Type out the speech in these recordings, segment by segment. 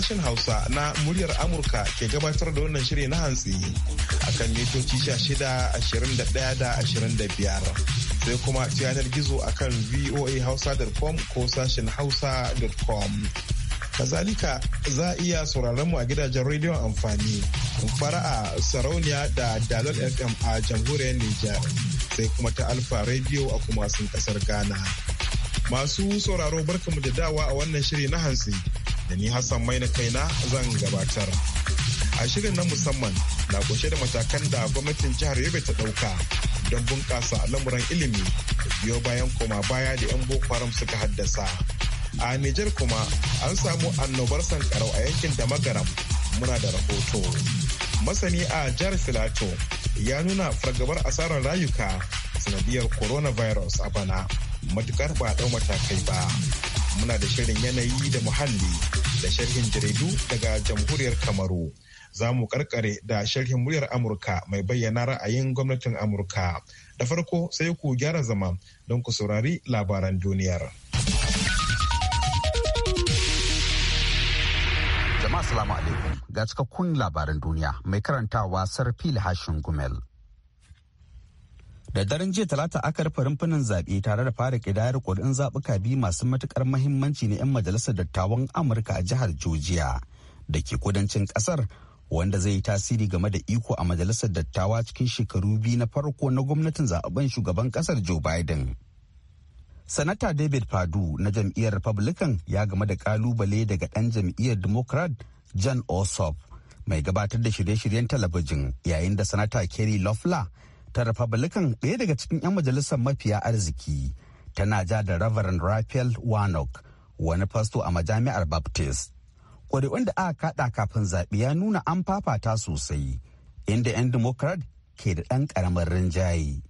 sashen Hausa na muryar Amurka ke gabatar da wannan shiri na hantsi akan mitoci ashirin da biyar Sai kuma ta yanar gizo akan voahausa.com ko sashen hausa.com. Kazalika za a iya sauraron mu a gidajen rediyon amfani, fara'a sarauniya da dalol FM a jamhuriyar Nijar, sai kuma ta Alfa Radio a kuma kasar Ghana. Masu sauraro barkamu da dawa a wannan shiri na hantsi. da ni Hassan Maina kaina zan gabatar. A shirin na musamman na kunshe da matakan da gwamnatin jihar Yobe ta ɗauka don bunƙasa lamuran ilimi biyo bayan koma baya da 'yan Boko Haram suka haddasa. A Nijar kuma an samu annobar sankarau a yankin da magaram muna da rahoto. Masani a jihar Filato ya nuna fargabar asarar rayuka sanadiyar coronavirus a bana matukar ba a ɗau matakai ba. muna da shirin yanayi da muhalli da sharhin jaridu daga jamhuriyar kamaru za mu karkare da sharhin muryar amurka mai bayyana ra'ayin gwamnatin amurka da farko sai ku gyara zama don ku saurari labaran duniyar jama'a salamu alaikum ga cikakkun labaran duniya mai karantawa sarfil hashin gumel da daren jiya talata aka rufe rumfunan zaɓe tare da fara kidayar ƙuri'un zaɓuka biyu masu matuƙar mahimmanci na 'yan majalisar dattawan amurka a jihar georgia da ke kudancin ƙasar wanda zai yi tasiri game da iko a majalisar dattawa cikin shekaru biyu na farko na gwamnatin zaɓen shugaban ƙasar joe biden sanata david padu na jam'iyyar republican ya game da kalubale daga ɗan jam'iyyar democrat john ossoff mai gabatar da shirye-shiryen talabijin yayin da sanata kerry lofla ta republican ɗaya daga cikin 'yan majalisar mafiya arziki tana ja da reverend raphael warnock wani fasto a majami'ar baptist ƙuri'un da aka kaɗa kafin zaɓe ya nuna an fafata sosai inda 'yan democrat ke da ɗan ƙaramin rinjaye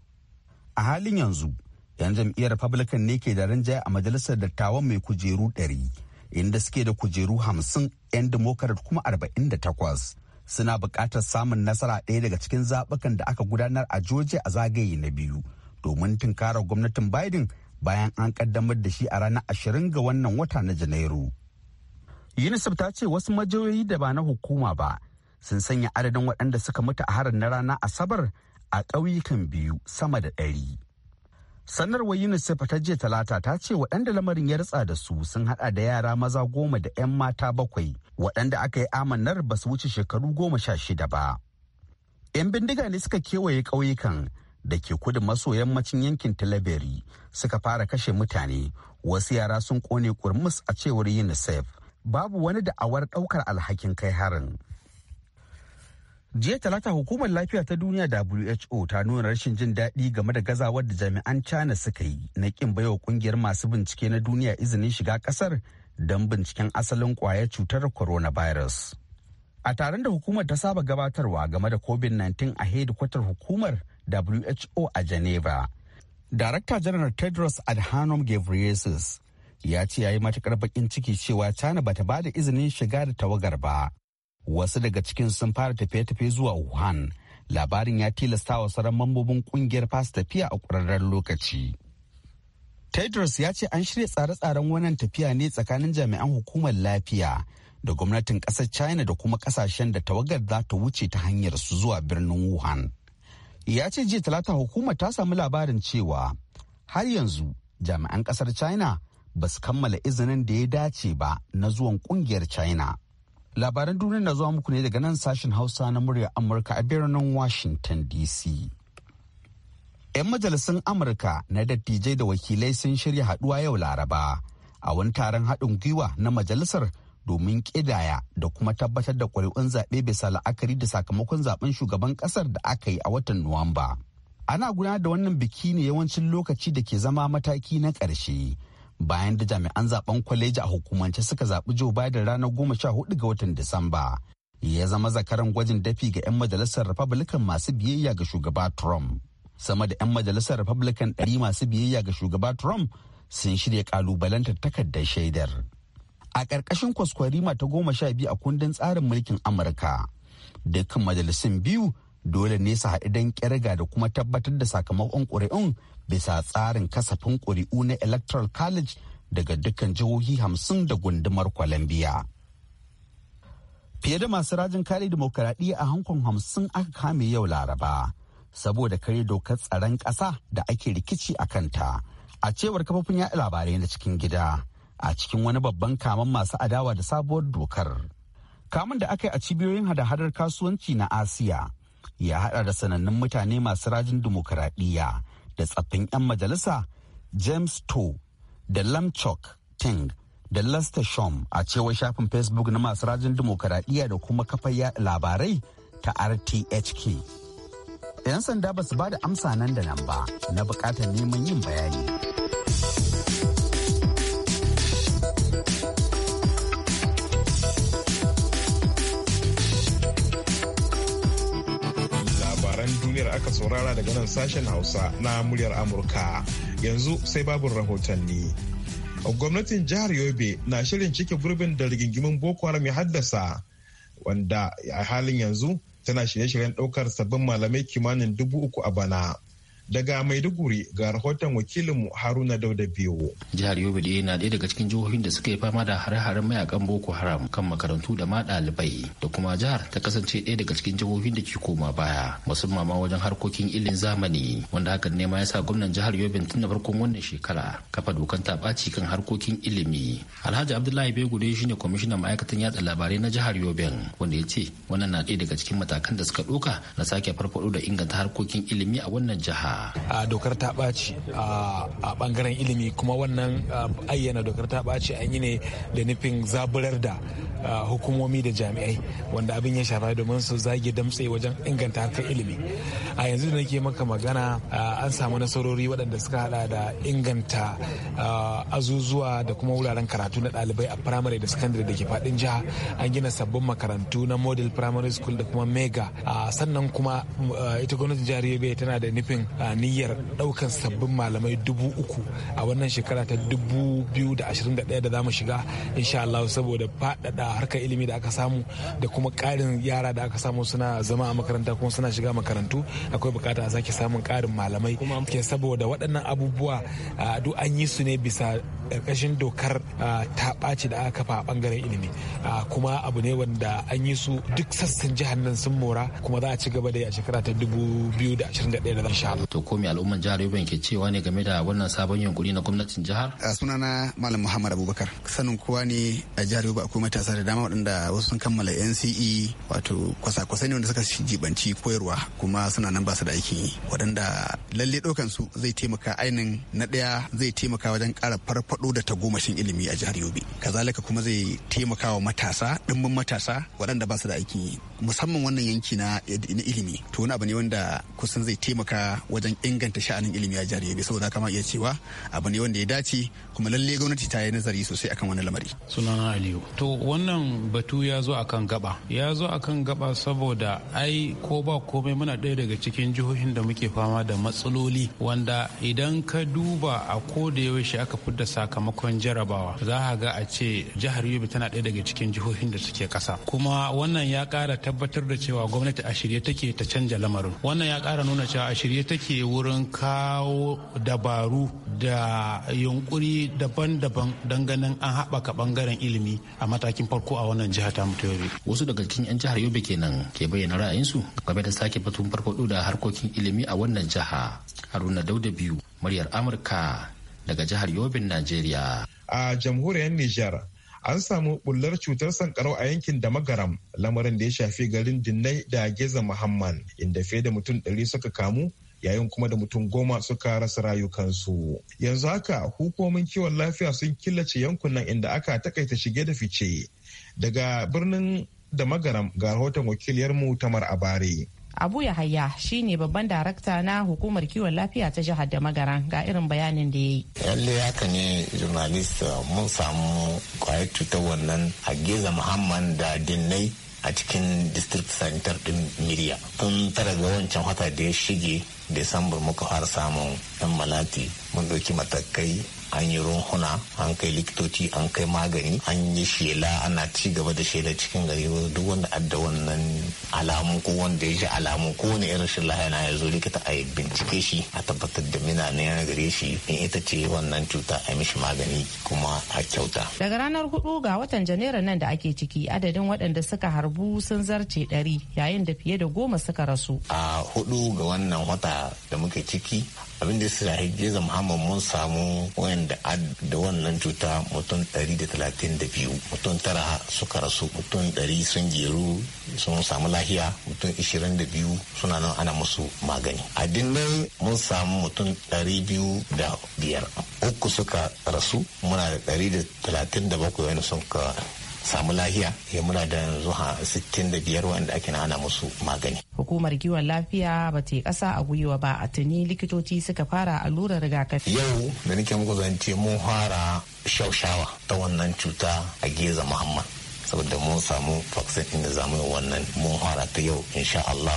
a halin yanzu 'yan jam'iyyar republican ne ke da rinjaye a majalisar dattawan mai kujeru 100 inda suke da kujeru 50 'yan democrat kuma 48 suna buƙatar samun nasara ɗaya daga cikin zaɓukan da aka gudanar a joji a zagaye na biyu domin tunkarar gwamnatin Biden bayan an ƙaddamar da shi a ranar ashirin ga wannan wata na Janairu. UNICEF ta ce wasu majiyoyi da ba na hukuma ba sun sanya adadin waɗanda suka mutu a harin na rana Asabar a ƙauyukan biyu sama da ɗari. sanarwar unicef ta jiya talata ta ce waɗanda lamarin ya ritsa da su sun hada da yara maza goma da 'yan mata bakwai waɗanda aka yi amanar ba su wuce shekaru goma sha shida ba 'yan bindiga ne suka kewaye ƙauyukan da ke kudu maso yammacin yankin talaberi suka fara kashe mutane wasu yara sun kone kurmus a cewar unicef babu wani da'awar ɗaukar alhakin kai harin jiya talata hukumar lafiya ta duniya who ta nuna rashin jin daɗi game da gazawar da jami'an china suka yi na ƙin baiwa ƙungiyar masu bincike na duniya izinin shiga ƙasar don binciken asalin ƙwayar cutar coronavirus a taron da hukumar ta saba gabatarwa game da covid-19 a hedikwatar hukumar who a geneva darakta janar tedros adhanom ghebreyesus ya ce ya yi matukar baƙin ciki cewa china bata ba da izinin shiga da tawagar ba wasu daga cikin sun fara tafiye-tafiye zuwa wuhan labarin ya tilasta wa sauran mambobin kungiyar fasa tafiya a ƙwararren lokaci tedros ya ce an shirya tsare-tsaren wannan tafiya ne tsakanin jami'an hukumar lafiya da gwamnatin ƙasar china da kuma ƙasashen da tawagar za ta wuce ta hanyar su zuwa birnin wuhan ya ce jiya talata hukumar ta samu labarin cewa har yanzu jami'an ƙasar china ba su kammala izinin da ya dace ba na zuwan ƙungiyar china Labaran duniya na zuwa muku ne daga nan sashen Hausa na murya Amurka a birnin Washington DC. 'Yan majalisun Amurka na dattijai da wakilai sun shirya haduwa yau Laraba a wani taron haɗin gwiwa na majalisar domin ƙidaya da kuma tabbatar da ƙuri'un zaɓe bisa la'akari da sakamakon zaben shugaban ƙasar da aka yi a watan Nuwamba. Ana gudanar da wannan biki ne yawancin lokaci da ke zama mataki na ƙarshe. bayan da jami'an zaben kwaleji a hukumance suka zaɓi Joe Biden ranar goma sha hudu ga watan Disamba. Ya zama zakaran gwajin dafi ga 'yan majalisar Republican masu biyayya ga shugaba Trump. Sama da 'yan majalisar Republican ɗari masu biyayya ga shugaba Trump sun shirya ƙalubalantar takardar shaidar. A ƙarƙashin kwaskwarima ta goma sha biyu a kundin tsarin mulkin Amurka, dukkan majalisun biyu dole ne su haɗu don ƙirga da kuma tabbatar da sakamakon ƙuri'un bisa tsarin kasafin ƙuri'u na electoral college daga dukkan jihohi hamsin da gundumar kwalambiya. fiye da masu rajin kare demokaradiyya a hankon hamsin aka kame yau laraba saboda kare dokar tsaron ƙasa da ake rikici a kanta a cewar kafofin yaɗa labarai na cikin gida a cikin wani babban kaman masu adawa da sabuwar dokar kamun da aka yi a cibiyoyin hada-hadar kasuwanci na asiya ya hada da sanannun mutane masu rajin demokaradiyya da tsaffin 'yan majalisa james to da lamchok ting da lester shom a cewar shafin facebook na masu rajin dimokuraɗiyya da kuma kafar labarai ta rthk 'yan sanda ba su ba da amsa nan da nan ba na bukatar neman yin bayani. aka saurara daga nan sashen Hausa na muryar Amurka. Yanzu sai babin rahotanni. Gwamnatin jihar Yobe na shirin cike gurbin da rigingimin Boko Haram ya haddasa, wanda a halin yanzu tana shirye-shiryen daukar sabbin malamai kimanin dubu uku a bana. Daga Maiduguri ga rahoton wakilinmu Haruna Dauda biyu. Jihar Yobe da na daya daga cikin jihohin da suka yi fama da hare-haren mayakan Boko Haram kan makarantu da ma ɗalibai da kuma jihar ta kasance daya daga cikin jihohin da ke koma baya musamman ma wajen harkokin ilin zamani wanda hakan ne ma ya sa gwamnan jihar Yobe tun da farkon wannan shekara kafa dokan ta ɓaci kan harkokin ilimi. Alhaji Abdullahi shi shine kwamishinan ma'aikatan yatsa labarai na jihar Yobe wanda ya ce wannan na daya daga cikin matakan da suka ɗauka na sake farfaɗo da inganta harkokin ilimi a wannan jiha. a dokar ta ɓaci a bangaren ilimi kuma wannan ayyana dokar ta ɓaci an yi ne da nufin zaburar da hukumomi da jami'ai wanda abin ya shafa domin su zage damtse wajen inganta harkar ilimi a yanzu da nake maka magana an samu nasarori waɗanda suka hada da inganta azuzuwa da kuma wuraren karatu na ɗalibai a primary da secondary da ke faɗin jiha an gina sabbin makarantu na model primary school da kuma mega sannan kuma ita gwamnatin jihar yobe tana da nufin niyyar ɗaukan sabbin malamai dubu uku a wannan shekara ta dubu biyu da ashirin da ɗaya da za mu shiga insha Allah saboda faɗaɗa a harkar ilimi da aka samu da kuma ƙarin yara da aka samu suna zama a makaranta kuma suna shiga makarantu akwai bukata a sake samun ƙarin malamai ke saboda waɗannan abubuwa duk an yi su ne bisa ƙarƙashin dokar ta ɓaci da aka kafa a ɓangaren ilimi kuma abu ne wanda an yi su duk sassan jihar nan sun mora kuma za a ci gaba da ya a shekara ta 2021 da insha Allah. To ko me al'umman jihar Yobe ke cewa ne game da wannan sabon yunkuri na gwamnatin jihar? Sunana Malam Muhammad Abubakar. Sanin kowa ne a jihar Yobe akwai matasa da dama waɗanda wasu sun kammala nce wato kwasa kwasa ne wanda suka jibanci koyarwa kuma suna nan ba su da aikin yi waɗanda lalle ɗaukan su zai taimaka ainin na ɗaya zai taimaka wajen ƙara farfaɗo da tagomashin ilimi a jihar yobe kazalika kuma zai taimaka wa matasa ɗimbin matasa waɗanda ba su da aikin yi musamman wannan yanki na ilimi to wani abu ne wanda kusan zai taimaka wajen inganta sha'anin ilimi a jihar yobe saboda kama iya cewa abu ne wanda ya dace kuma lalle gwamnati ta yi nazari sosai akan wani lamari sunana aliyu to wannan wannan batu ya zo a kan gaba ya zo a kan gaba saboda ai ko ba komai muna ɗaya daga cikin jihohin da muke fama da matsaloli wanda idan ka duba a ko da yaushe aka fi da sakamakon jarabawa za a ga a ce jihar yobe tana ɗaya daga cikin jihohin da suke kasa kuma wannan ya kara tabbatar da cewa gwamnati a shirye take ta canja lamarin wannan ya kara nuna cewa a shirye take wurin kawo dabaru da yunkuri daban-daban don ganin an haɓaka ɓangaren ilimi a matakin farko farko a wannan jiha ta mutu wasu daga cikin yan jihar yobe kenan ke bayyana ra'ayinsu game da sake batun farko da harkokin ilimi a wannan jiha haruna dauda biyu muryar amurka daga jihar yobe'n najeriya a jamhuriyar Nijar, an samu bullar cutar sankarau a yankin da magaram lamarin da ya shafi garin dinnai da geza muhammad inda fiye da mutum ɗari suka kamu yayin kuma da mutum goma suka rasa rayukansu yanzu haka hukumomin kiwon lafiya sun killace yankunan inda aka takaita shige da fice daga birnin da magaram ga rahoton wakiliyar wakiliyarmu tamar abare abu ya yahaya shine babban darakta na hukumar kiwon lafiya ta jihar da magaran ga irin bayanin da ya yi yalle haka ne jurnalista mun samu kwayar cutar wannan hagiza muhammad da dinnai a cikin district center din miriya tun tara ga wancan wata da ya shige desambar muka har samun yan malati mun ɗauki matakai an yi runhuna an kai likitoci an kai magani an yi shela ana ci gaba da shela cikin gari duk wanda adda wannan alamu ko wanda ya ji alamu ko wani irin shi lahana ya zo likita a bincike shi a tabbatar da mina ne ya gare shi in ita ce wannan cuta a mishi magani kuma a kyauta. Daga ranar hudu ga watan Janairu nan da ake ciki adadin waɗanda suka harbu sun zarce ɗari yayin da fiye da goma suka rasu. A hudu ga wannan wata da muke ciki abin da su hajji muhammad mun samu wayanda da wannan cuta mutum 132 mutum tara suka rasu mutum 100 sun jeru sun samu lahiya mutum 22 suna nan ana musu magani a dinnan mun samu mutum da biyar uku suka rasu muna da 137 wani sun ka samu lahiya ya eh, muna da yanzu ha 65 wanda ake ana musu magani. Hukumar kiwon lafiya ba ta yi ƙasa a gwiwa ba a tuni likitoci suka fara allurar rigakafi. Yau da nake muku zance mun fara shaushawa ta wannan cuta a Geza Muhammad. saboda mun samu vaccine din da zamu wannan mun fara ta yau insha Allah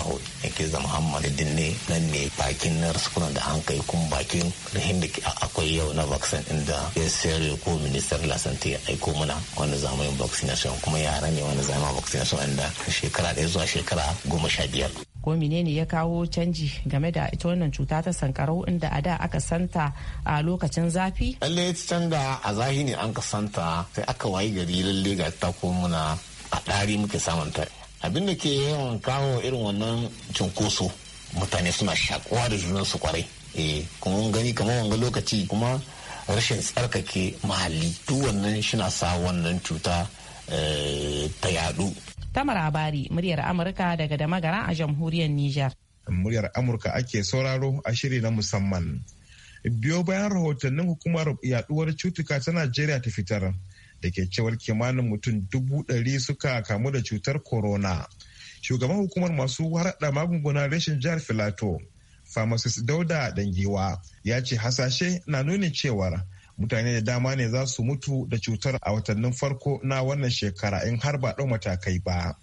ke zama Muhammadin dinne nan ne bakin na rasukuna da hankali kuma bakin rahin da akwai yau na vaccine din da ya sayar ko ministar lasante ya aiko mana wanda zamu yin vaccination kuma yara ne wanda zamu vaccination inda shekara ɗaya zuwa shekara goma sha biyar. ko menene ya kawo canji game da ita wannan cuta ta sankarau inda a da aka santa a lokacin zafi lalle can da a zahi ne an ka santa sai aka wayi gari lalle ga ta komuna muna a ɗari muke samun ta abin da ke yawan kawo irin wannan cunkoso mutane suna shakuwa da junansu kwarai eh kuma mun gani kamar wanga lokaci kuma rashin tsarkake mahalli duk wannan shina sa wannan cuta eh, ta yadu Tamar Abari, muryar Amurka daga Damagara a jamhuriyar Nijar. Muryar Amurka ake sauraro a shiri na musamman. Biyo bayan rahotannin hukumar yaduwar cutuka ta Najeriya ta fitar da ke cewar kimanin mutum dubu ɗari suka kamu da cutar corona. Shugaban hukumar masu harada magungunan rashin jihar Filato, Pharmacist Dauda Dangiwa ya ce hasashe na nuni cewar mutane da dama ne za su mutu da cutar a watannin farko na wannan shekara in har ba ɗau matakai ba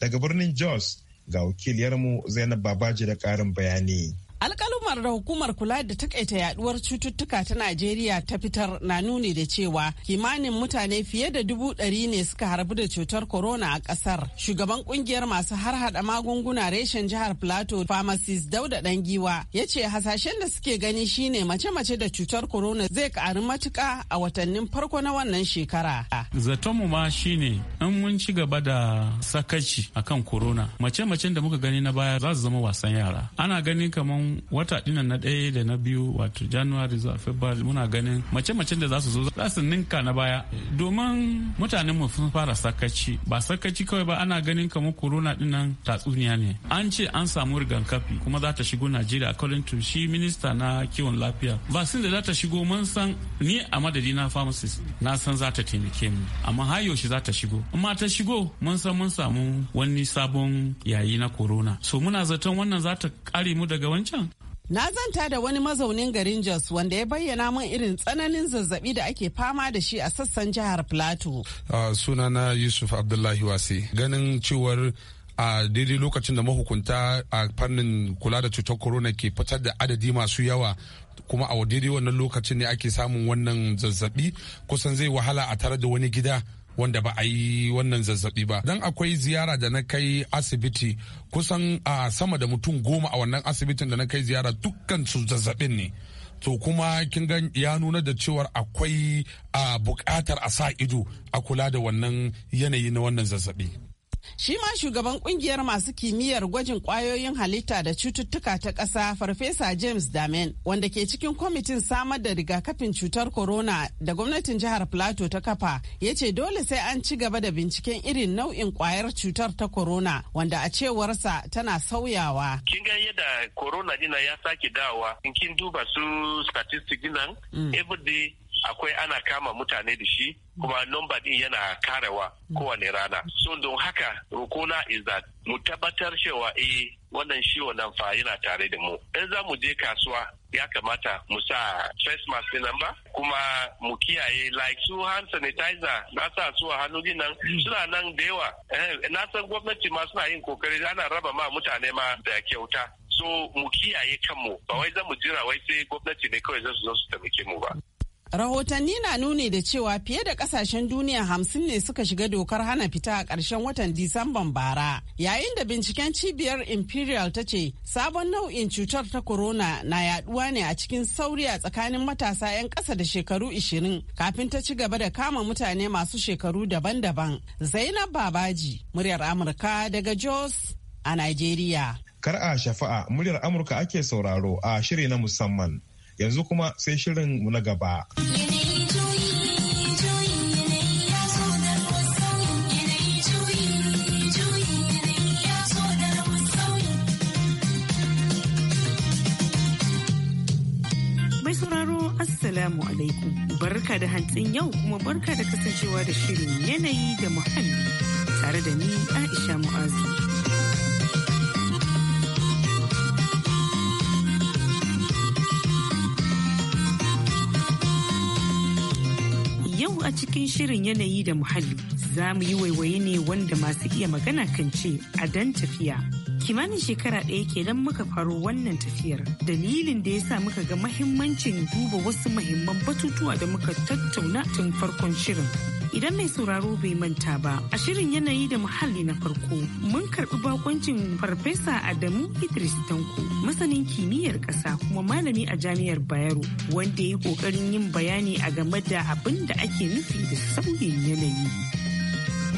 daga birnin jos ga wakiliyarmu zainab babaji da ƙarin bayani hukumar da hukumar kula da takaita yaduwar cututtuka ta Najeriya ta fitar na nuni da cewa kimanin mutane fiye da dubu ɗari ne suka harbu da cutar corona a ƙasar. Shugaban kungiyar masu harhaɗa magunguna reshen jihar Plateau Pharmacies Dauda giwa ya ce hasashen da suke gani shine mace-mace da cutar corona zai ƙaru matuƙa a watannin farko na wannan shekara. Zatonmu ma shine in mun ci gaba da sakaci akan corona mace-macen da muka gani na baya za su zama wasan yara. Ana ganin kaman wata wata na ɗaya da na biyu wato january zuwa february muna ganin mace mace da za su zo za su ninka na baya domin mutanen mu sun fara sakaci ba sakaci kawai ba ana ganin kamar corona nan tatsuniya ne an ce an samu rigakafi kuma za ta shigo najeriya according to shi minista na kiwon lafiya vaccine da za ta shigo mun san ni a madadi na pharmacist na san za ta taimake mu amma har yaushe za ta shigo amma ta shigo mun san mun samu wani sabon yayi na corona so muna zaton wannan za ta kare mu daga wancan Na zanta da wani mazaunin garin Jos wanda ya bayyana mun irin tsananin zazzabi da ake fama da shi a sassan jihar Plateau. Uh, sunana Yusuf Abdullahi Wasi. Ganin cewar a daidai lokacin da mahukunta a fannin kula da cutar corona ke fitar da adadi masu yawa kuma a daidai wannan lokacin ne ake samun wannan zazzabi kusan zai wahala a tare da wani gida wanda ba a yi wannan zazzabi ba dan akwai ziyara da na kai asibiti kusan a sama da mutum goma a wannan asibitin da na kai ziyara dukkan su zazzabin ne to kuma kin gan ya nuna da cewar akwai a bukatar a sa ido a kula da wannan yanayi na wannan zazzabi Shi ma shugaban kungiyar masu kimiyyar gwajin kwayoyin halitta da cututtuka ta ƙasa Farfesa James Damen wanda ke cikin kwamitin samar da rigakafin cutar corona da gwamnatin jihar Plateau ta kafa ya ce dole sai an ci gaba da binciken irin nau'in kwayar cutar ta corona wanda a cewarsa tana sauyawa. Kin ga yadda corona dina ya sake dawa in kin duba su statistics nan mm. everyday akwai ana kama mutane da shi kuma nomba din yana karewa kowane rana so don haka rukuna is that mu tabbatar cewa eh wannan shi nan fa yana tare da mu in za mu je kasuwa ya kamata mu sa face mask din ba kuma mu kiyaye like su hand sanitizer na sa su a hannu nan hmm. suna nan da yawa eh, na san gwamnati ma suna yin kokari ana raba ma mutane ma da kyauta so mu kiyaye kanmu ba wai za mu jira wai sai gwamnati ne kawai za su zo su taimake mu ba Rahotanni na nuni da cewa fiye da kasashen duniya hamsin ne suka shiga dokar hana fita a ƙarshen watan Disamban bara. Yayin da binciken cibiyar Imperial ta ce sabon nau'in cutar ta corona na yaduwa ne a cikin sauri a tsakanin matasa 'yan ƙasa da shekaru 20 kafin ta ci gaba da kama mutane masu shekaru daban-daban. Zainab Babaji, muryar Amurka daga Jos a Nigeria. Kar a shafa'a muryar Amurka ake sauraro a shiri na musamman. yanzu kuma sai shirin mu na gaba. Assalamu alaikum. Barka da hantsin yau kuma barka da kasancewa da shirin yanayi da muhalli tare da ni Aisha Mu'azu. cikin shirin yanayi da muhalli za mu yi waiwaye ne wanda masu iya magana kan ce a dan tafiya. Kimanin shekara ɗaya kenan muka faro wannan tafiyar. Dalilin da ya sa muka ga mahimmancin duba wasu mahimman batutuwa da muka tattauna tun farkon shirin. idan mai sauraro bai manta ba a shirin yanayi da muhalli na farko mun karbi bakoncin farfesa adamu idris tanko masanin kimiyyar ƙasa kuma malami a jami'ar bayero wanda ya ƙoƙarin yin bayani a game da abin da ake nufi da sauyin yanayi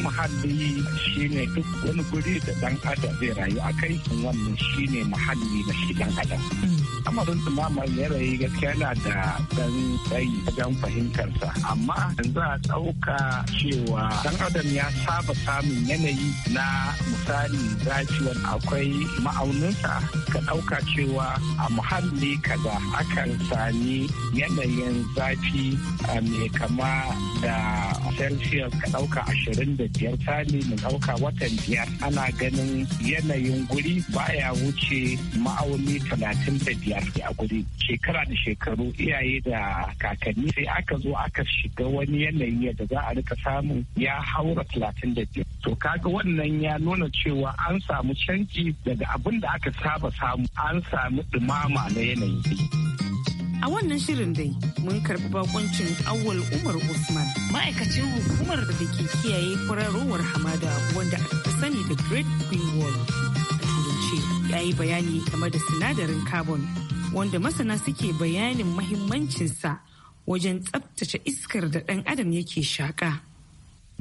muhalli shine duk wani guri da dan adam zai rayu a kai wannan shine muhalli na shi dan adam amarin dumamar yanayi gaskiya na da dan tsayi don fahimtarsa amma yanzu a ɗauka cewa dan adam ya saba samun yanayi na misali zafi akwai ma'auninsa ka ɗauka cewa a muhalli kaza akan sami yanayin zafi eh, mai kama da celsius ka ɗauka ashirin da biyar sali mu ɗauka watan biyar ana ganin yanayin guri baya wuce ma'auni talatin da biyar a guri shekara da shekaru iyaye da kakanni sai aka zo aka shiga wani yanayi da za a rika samu ya haura talatin da biyar to kaga wannan ya nuna cewa an samu canji daga abin da aka saba samu an samu dumama na yanayi a wannan shirin dai mun karɓi bakoncin awwal umar usman ma'aikacin hukumar da ke kiyaye kwararowar hamada wanda aka sani da great green wall a turance ya yi bayani game da sinadarin carbon wanda masana suke bayanin mahimmancinsa wajen tsabtace iskar da ɗan adam yake shaƙa.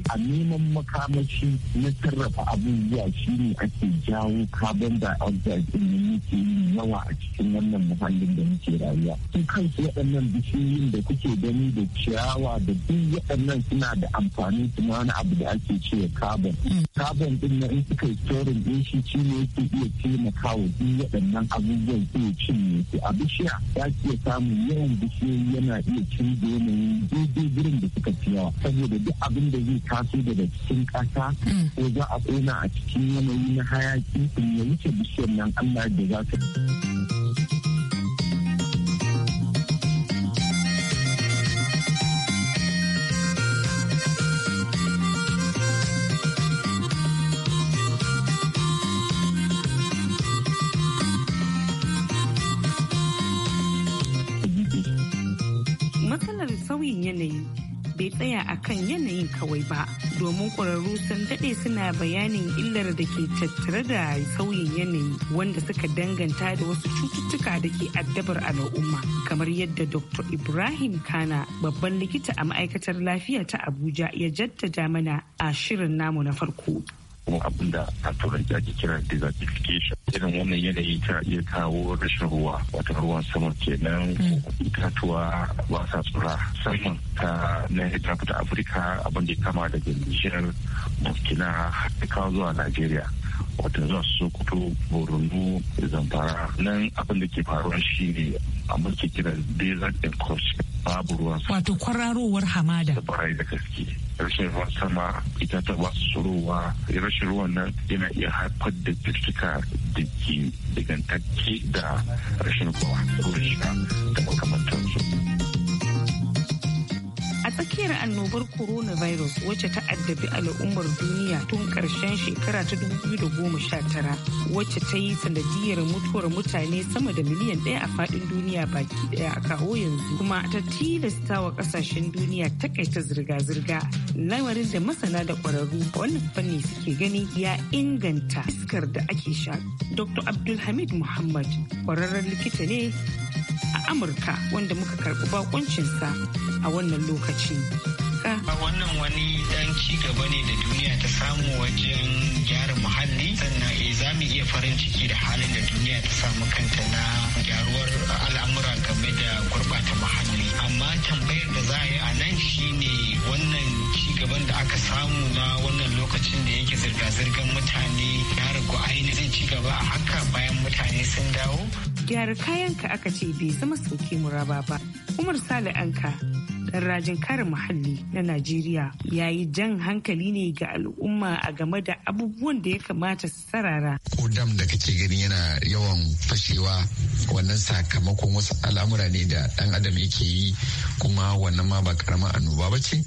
a neman makamashi na sarrafa abubuwa shi ne ake jawo carbon dioxide da yake yin yawa a cikin wannan muhallin da muke rayuwa su kansu waɗannan bishiyoyin da kuke gani da ciyawa da duk waɗannan suna da amfani su wani abu da ake ce carbon carbon ɗin na in suka yi storin din shi shi ne yake iya taimakawa duk waɗannan abubuwan su ya cinye su a bishiya ya ke samun yawan bishiyoyi yana iya canza yanayin daidai gurin da suka ci yawa saboda duk abin da zai taso daga cikin ƙasa hmm. ko za a ƙona a cikin yanayi na hayaƙi hayaki ya wuce bishiyar nan Allah da za ta. kawai ba domin ƙwararru sun daɗe suna bayanin illar da ke tattare da sauyin yanayi wanda suka danganta da wasu cututtuka da ke addabar al'umma kamar yadda dr ibrahim kana babban likita a ma'aikatar lafiya ta abuja ya jaddada mana a shirin namu na farko abin da a turanci ake kira desertification irin wannan yanayi ta iya kawo rashin ruwa wata ruwan sama kenan mm. itatuwa ba sa tsura Saman ta na ta fita afirka abin da kama daga nijar burkina da kawo zuwa najeriya wata zuwa sokoto borno zamfara nan abinda ke faruwa shi ne a mulki kiran desert encroachment babu ruwan sama. Wato kwararowar hamada. Da da gaske. Rashin ruwan sama ita ta ba su surowa rashin ruwan nan yana iya haifar da cututtuka da ke dangantacce da rashin ruwa ko da shiga da makamantansu. tsakiyar annobar coronavirus wacce ta addabi al'ummar duniya tun karshen shekara ta da goma sha tara? wacce ta yi sanadiyar mutuwar mutane sama da miliyan ɗaya a faɗin duniya baki ɗaya a kawo yanzu kuma ta tilasta wa ƙasashen duniya ta takaita zirga-zirga lamarin da masana da ƙwararru wannan fanni suke gani ya inganta iskar da ake sha. Dr. Abdulhamid Muhammad ƙwararren likita ne a Amurka wanda muka karɓi bakoncinsa a wannan lokaci. Wannan wani dan ci gaba ne da duniya ta samu wajen gyara muhalli sannan eh za mu iya farin ciki da halin da duniya ta samu kanta na gyaruwar al'amura game da gurɓata muhalli. Amma tambayar da za a yi a nan shine wannan ci gaban da aka samu na wannan lokacin da yake zirga-zirgar mutane ya ragu ainihin ci gaba a haka bayan mutane sun dawo. gyara ka aka ce bai zama sauke muraba ba umar sale anka ɗan rajin kare muhalli na najeriya ya yi jan hankali ne ga al'umma a game da abubuwan da ya kamata su sarara ko dam da kake gani yana yawan fashewa wannan sakamakon wasu al'amura ne da ɗan adam yake yi kuma wannan ma ba karama annoba ba ce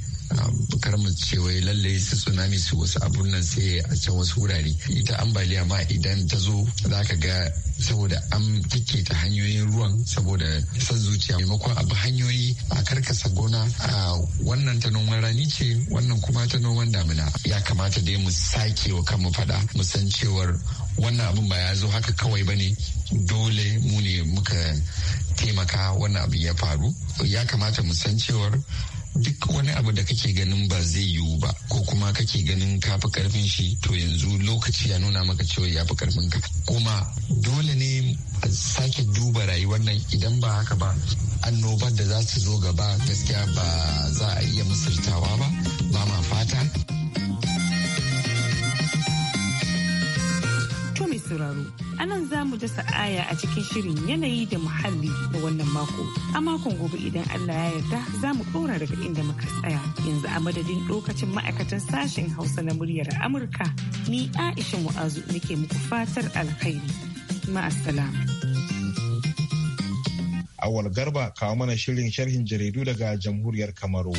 kar mu ce wai lalle su tsunami su wasu abun nan sai a can wasu wurare ita ambaliya ma idan ta zo za ka ga saboda an kike ta hanyoyin ruwan saboda san zuciya maimakon abu hanyoyi a karkasa gona a wannan ta noman rani ce wannan kuma ta noman damina ya kamata dai mu sake wa kanmu fada mu san cewar wannan abun ba ya zo haka kawai ba ne dole mu ne muka taimaka wannan abu ya faru ya kamata mu san cewar duk wani abu da kake ganin ba zai yiwu ba ko kuma kake ganin ka fi karfin shi to yanzu lokaci ya nuna maka cewa ya fi karfin ka kuma dole ne a sake duba rayuwar nan idan ba haka ba annobar da za su zo gaba gaskiya ba za a iya musultawa ba ba ma fata sauraro. A nan za mu dasa aya a cikin shirin yanayi da muhalli da wannan mako. A makon gobe idan Allah ya yarda za mu ɗora daga inda muka tsaya. Yanzu a madadin lokacin ma'aikatan sashen Hausa na muryar Amurka, ni Aisha Mu'azu nake muku fatar alkhairi. Ma'assalam. Awal Garba kawo mana shirin sharhin jaridu daga Jamhuriyar Kamaru.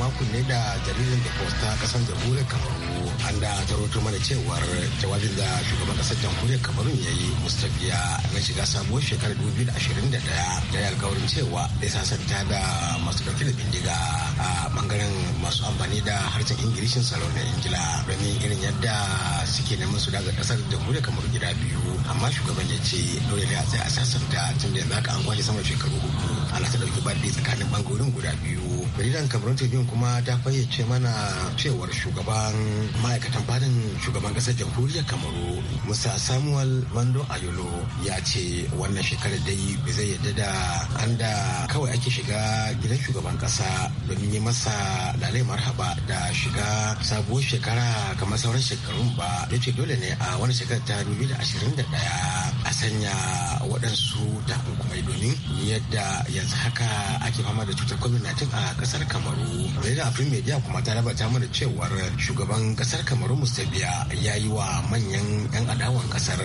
makon ne da jaridar da post ta kasar jamhuriyar kamaru an da taroto mana cewar jawabin da shugaban kasar jamhuriyar kamaru ya yi mustafiya na shiga sabuwar shekarar 2021 da ya alkawarin cewa ya sasanta da masu ɗauki da bindiga a bangaren amfani da harshen ingilishin salo da ingila domin irin yadda suke neman su daga kasar jamhuriyar kamar gida biyu amma shugaban ya ce dole ne a tsaye a sassanta tun da yanzu aka an kwashe sama shekaru hudu ana ta dauki baɗi tsakanin bangarorin guda biyu jaridan cameroon tribune kuma ta fayyace mana cewar shugaban ma'aikatan fadin shugaban kasar jamhuriyar kamaru musa samuel mando ayolo ya ce wannan shekarar dai bai zai yadda da an da kawai ake shiga gidan shugaban kasa domin yi masa lalai marha marhaba da shiga sabuwar shekara kamar sauran shekarun ba da ce dole ne a wani shekara ta ɗaya a sanya waɗansu takunkumai domin yadda yanzu haka ake fama da cutar covid-19 a ƙasar kamaru da afrin media kuma ta rabata mana cewar shugaban kasar kamaru mustabiya ya yi wa manyan 'yan adawan kasar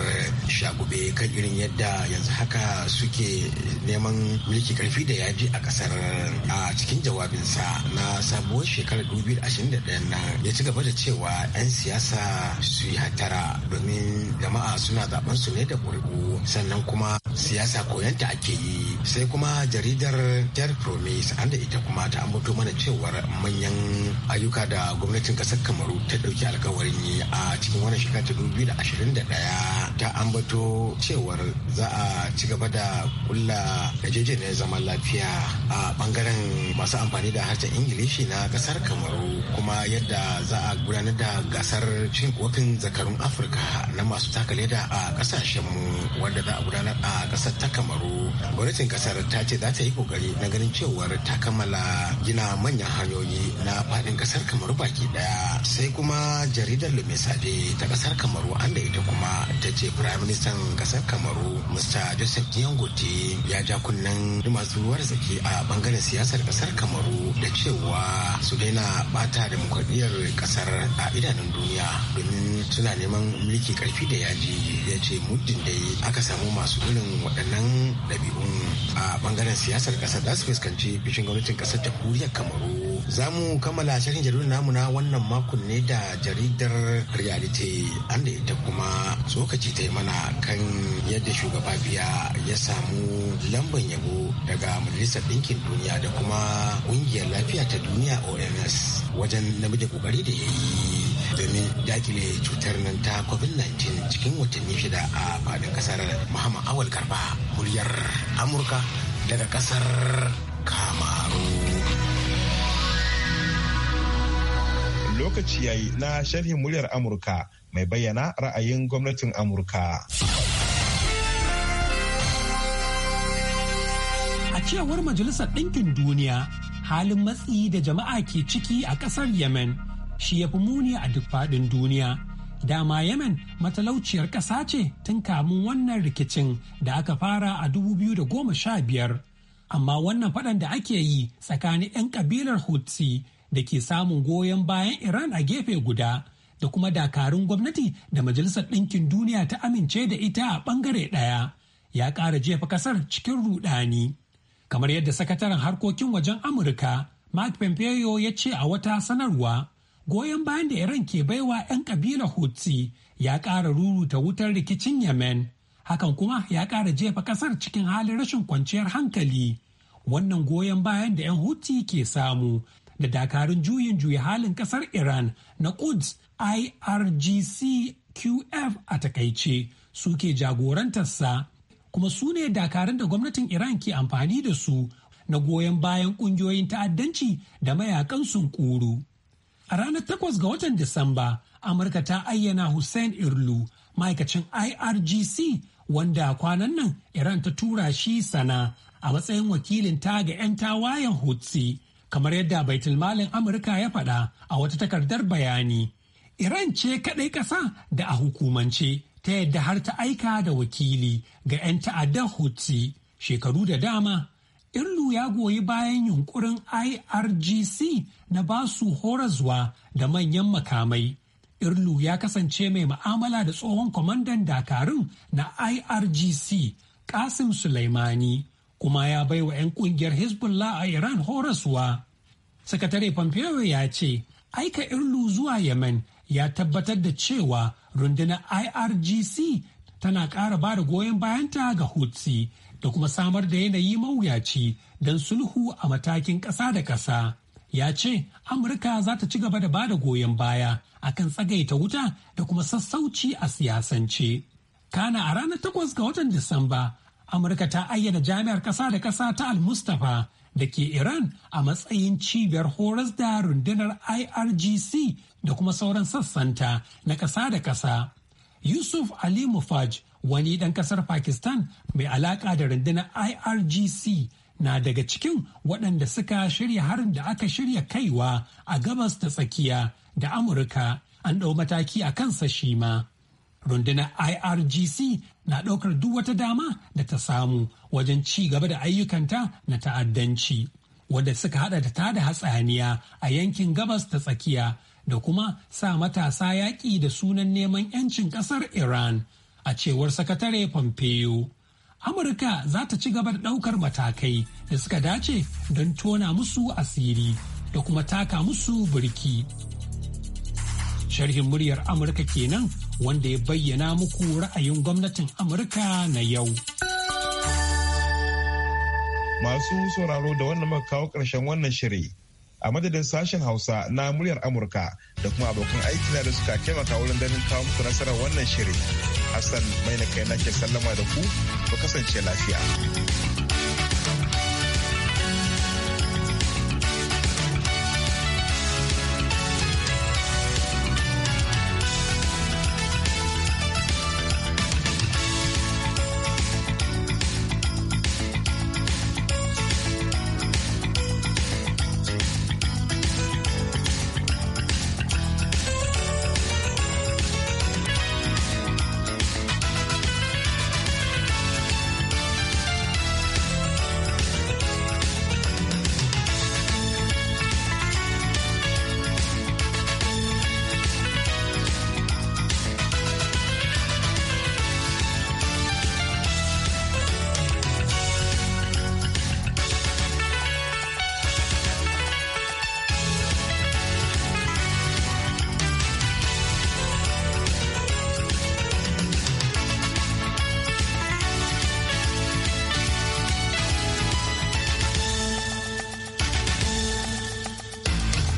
shagube kan irin yadda yanzu haka suke neman mulki karfi da yaji a kasar. a cikin jawabinsa na sabuwar shekarar 2021 nan ya ci gaba da cewa 'yan siyasa su yi hatara domin jama'a suna zaben su ne da ƙuri'u sannan kuma siyasa koyanta ake yi sai kuma jaridar Ter Promise an da ita kuma ta ambato mana cewar manyan ayyuka da gwamnatin ƙasar Kamaru ta ɗauki alkawarin yi a cikin wannan shekara ta 2021 ta ambato cewar za a ci gaba da kulla gajejeniyar zaman lafiya a bangaren masu amfani da harshen Ingilishi na ƙasar Kamaru kuma yadda za a gudanar da gasar cin kofin zakarun afirka na masu taka leda a kasashen mu wanda za a gudanar a kasar ta kamaru gwamnatin kasar ta ce za ta yi kokari na ganin cewar ta kammala gina manyan hanyoyi na fadin kasar kamaru baki daya sai kuma jaridar lumisade ta kasar kamaru an da ita kuma ta ce prime minister kasar kamaru mr joseph diangote ya ja kunnen masu ruwar zaki a bangaren siyasar kasar kamaru da cewa su daina bata da demokradiyyar kasar a idanun duniya domin suna neman mulki karfi da yaji ya ce muddin da aka samu masu irin waɗannan ɗabi'un a ɓangaren siyasar ƙasar za su fuskanci fishin gwamnatin ƙasar kasar kuriya kamaru Za mu kammala shirin jaridar namu na wannan makon ne da jaridar reality anda ita kuma tsokaci ta yi mana kan yadda shugaba biya ya samu lamban yabo daga majalisar ɗinkin duniya da kuma ƙungiyar lafiya ta duniya OMS wajen namiji kokari da ya yi domin dakile cutar nan ta COVID-19 cikin watanni shida a faɗin ƙasar Muhammad Awal Garba muryar Amurka daga ƙasar Kamaru. lokaci yayi na sharhin muryar Amurka mai bayyana ra'ayin gwamnatin Amurka. A cewar Majalisar Ɗinkin Duniya, halin matsi da jama'a ke ciki a ƙasar Yemen shi ya fi muni a duk faɗin duniya. Dama Yemen matalauciyar ƙasa ce tun kamun wannan rikicin da aka fara a 2015. Amma wannan faɗan da ake yi tsakanin 'yan ƙabilar Hutsi da ke samun goyon bayan Iran a gefe guda da kuma dakarun gwamnati da Majalisar Ɗinkin Duniya ta amince da ita a ɓangare ɗaya ya ƙara jefa ƙasar cikin rudani. Kamar yadda sakataren harkokin wajen Amurka Mark Pompeo ya ce a wata sanarwa goyon bayan da Iran ke baiwa 'yan ƙabilar Hutsi ya ƙara ruruta wutar rikicin Yemen. Hakan kuma ya ƙara jefa ƙasar cikin halin rashin kwanciyar hankali. Wannan goyon bayan da 'yan Hutsi ke samu da dakarun juyin juya halin kasar Iran na Quds IRGC-QF a takaice suke jagorantarsa kuma su ne dakarun da gwamnatin Iran ke amfani da su na goyon bayan kungiyoyin ta'addanci da mayakan sunkuru. A ranar takwas ga watan Disamba, Amurka ta ayyana Hussein Irlu, ma'aikacin IRGC wanda kwanan nan Iran ta tura shi sana a matsayin wakilin ta ga 'yan tawayen Hutsi kamar yadda malin amurka ya faɗa a wata takardar bayani iran ce kaɗai ƙasa da a hukumance ta yadda har ta aika da wakili ga 'yan ta'addar hutsi shekaru da dama Irlu ya goyi bayan yunkurin IRGC na basu horazwa da manyan makamai. Irlu ya kasance mai ma'amala da tsohon kwamandan dakarun na IRGC Kasim Sulaimani kuma ya bai wa 'yan kungiyar hezbollah a iran horaswa sakatare pompeo ya ce aika irlu zuwa yemen ya tabbatar da cewa rundunar irgc tana ƙara ba da goyon bayanta ga hutsi da kuma samar da yanayi mawuyaci don sulhu a matakin ƙasa da ƙasa ya ce amurka za ta ci gaba da ba da goyon baya akan tsagaita wuta da kuma sassauci a siyasance kana a ranar 8 ga watan disamba amurka ta ayyana jami'ar ƙasa da ƙasa ta al-mustapha da ke iran a matsayin cibiyar horas da rundunar irgc da kuma sauran sassanta na ƙasa da ƙasa yusuf ali mufaj wani ɗan ƙasar pakistan mai alaƙa da rundunar irgc na daga cikin waɗanda suka shirya harin da aka shirya kaiwa a gabas da tsakiya da amurka an ɗau mataki a kansa shima. rundunar irgc na ɗaukar duk wata dama da ta samu wajen ci gaba da ayyukanta na ta'addanci wadda suka hada da tada hatsaniya a yankin gabas ta tsakiya da kuma sa matasa yaƙi da sunan neman 'yancin ƙasar iran a cewar sakatare pompeo amurka za ta ci gaba da ɗaukar matakai da suka dace don tona musu asiri da kuma taka musu birki sharhin muryar amurka kenan wanda ya bayyana muku ra'ayin gwamnatin Amurka na yau. Masu sauraro da wannan muka kawo ƙarshen wannan shiri a madadin sashen Hausa na muryar Amurka da kuma abokan aiki na da suka taimaka wurin ganin kawo muku nasarar wannan shiri. Hassan mai na kai nake sallama da ku, ku kasance lafiya.